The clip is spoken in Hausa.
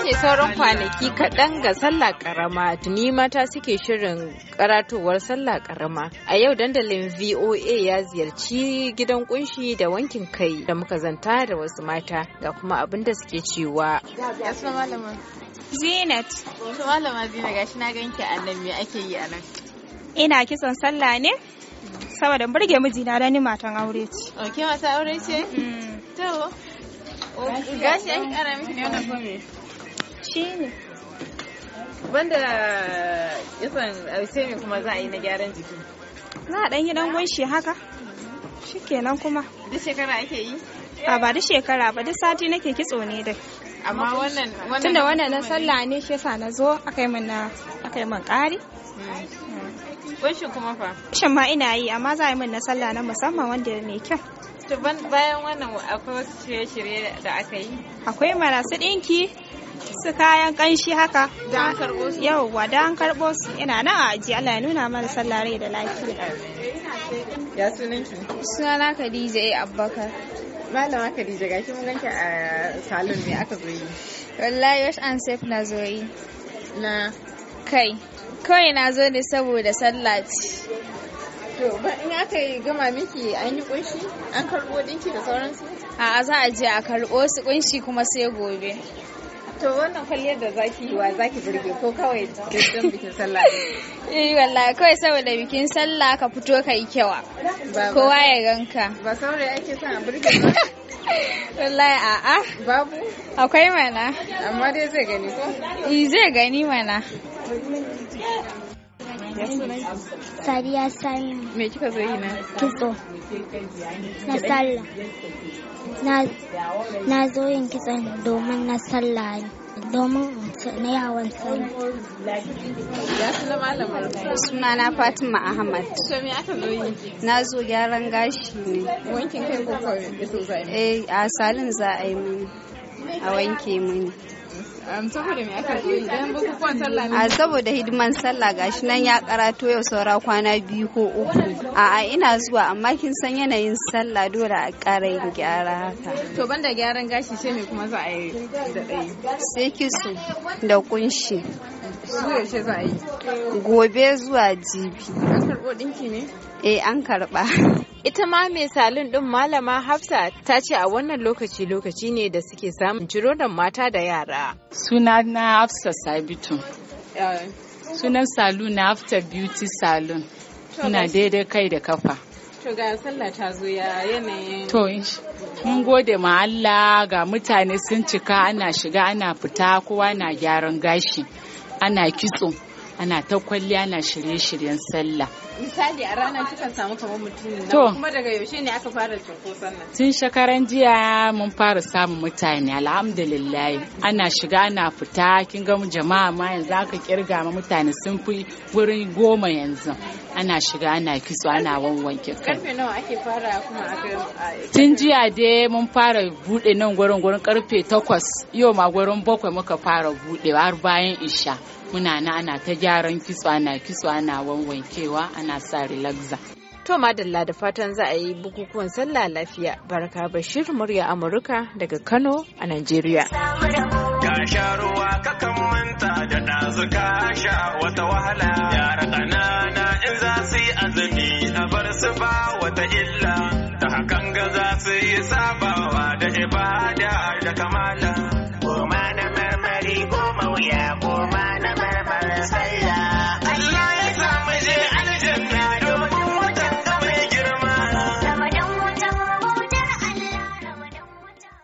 rage sauran kwanaki kaɗan ga sallah karama tuni mata suke shirin karatowar sallah karama a yau dandalin voa ya ziyarci gidan kunshi da wankin kai da muka zanta da wasu mata ga kuma abin da suke cewa zinat malama gashi na a nan me ake yi a nan ina kisan sallah ne saboda burge mijina da ni matan aure ce ok mata aure ce mm. to gashi an kara ne wannan shi ne banda isan sai me kuma za a yi na gyaran jiki za a dan yi dan wanshi haka shikenan kuma duk shekara ake yi a ba duk shekara ba duk sati nake kitso ne dai amma wannan wannan tunda wannan na sallah ne shi yasa na zo akai min na akai min ƙari gunshi hmm. kuma fa wanshin ma ina yi amma za a yi min na sallah na musamman wanda mai kyau to bayan wannan akwai wasu shirye-shirye da aka yi akwai marasu ɗinki su kayan kanshi haka da an karɓo su wa da an karɓo su ina nan a aji Allah ya nuna mana sallah rai da lafiya ya sunanki sunana Khadija A Abubakar Malama Khadija gashi mun ganki a salon ne aka zo yi wallahi wash and safe na zo yi na kai kawai na zo ne saboda sallah To, in aka yi gama miki an yi kunshi? An karɓo dinki da sauransu? A'a za a je a karɓo su kunshi kuma sai gobe. To wannan kwalliyar da zaki yi wa ki burge ko kawai don bikin sallah Eh wallahi kawai saboda bikin sallah ka fito ka yi kyawa. Kowa ya ganka. Ba saurayi ake son a burge ba. Wallahi a'a. Babu? Akwai mana. Amma dai zai gani ko? Eh zai gani mana. Sadiya Sani. Me Kitso. Na sallah. Na zo yin kitson domin na sallah ne. Domin na yawon sallah. Ya suna na Fatima Ahmad. So me aka zo yi? Na zo gyaran gashi ne. Wankin kai ko kawai? Eh a salin za a yi mini. a wanke mini a saboda hidiman sallah gashi nan ya karato yau saura kwana biyu ko uku a a ina zuwa amma kin san yanayin sallah dole a kara yin gyara haka to banda gyaran gashi sai me kuma za a yi da ɗaya sai kitso da kunshi su za a yi gobe zuwa jibi an karbo dinki ne eh an karɓa Ita ma mai salin ɗin Malama Hafsa ta ce a wannan lokaci lokaci ne da suke samun ciro da mata da yara. Suna na Hafsa Sabitu. Sunan salon na Hafsa Beauty Salon. Suna daidai kai da kafa. To ga sallah ta zo ya yanayin. To mun gode ma Allah ga mutane sun cika ana shiga ana fita kowa na gyaran gashi ana kitso. ana ta kwalli, ana shirye-shiryen sallah misali a ranar kikan samu kamar mutum na, kuma daga yaushe ne aka fara cunkoson nan tun shekaran jiya mun fara samun mutane alhamdulillah ana shiga ana fita kin ga jama'a ma yanzu aka kirga ma mutane sun fi wurin goma yanzu ana shiga ana kitso ana wanwanke kai karfe nawa ake fara kuma aka tun jiya dai mun fara bude nan gurin gurin karfe takwas yau ma gurin bakwai muka fara bude har bayan isha muna na ana ta gyaran kitso ana kitso ana wanwankewa ana sa relaxer To madalla da fatan za a yi bukukuwan sallah lafiya barka bashir murya Amurka daga Kano a Najeriya. Ka sha ruwa kakan manta da ɗazuka sha wata wahala yara ƙanana in za su yi azumi a bar su ba wata illa ta hakan ga za su yi sabawa da ibada da kamala.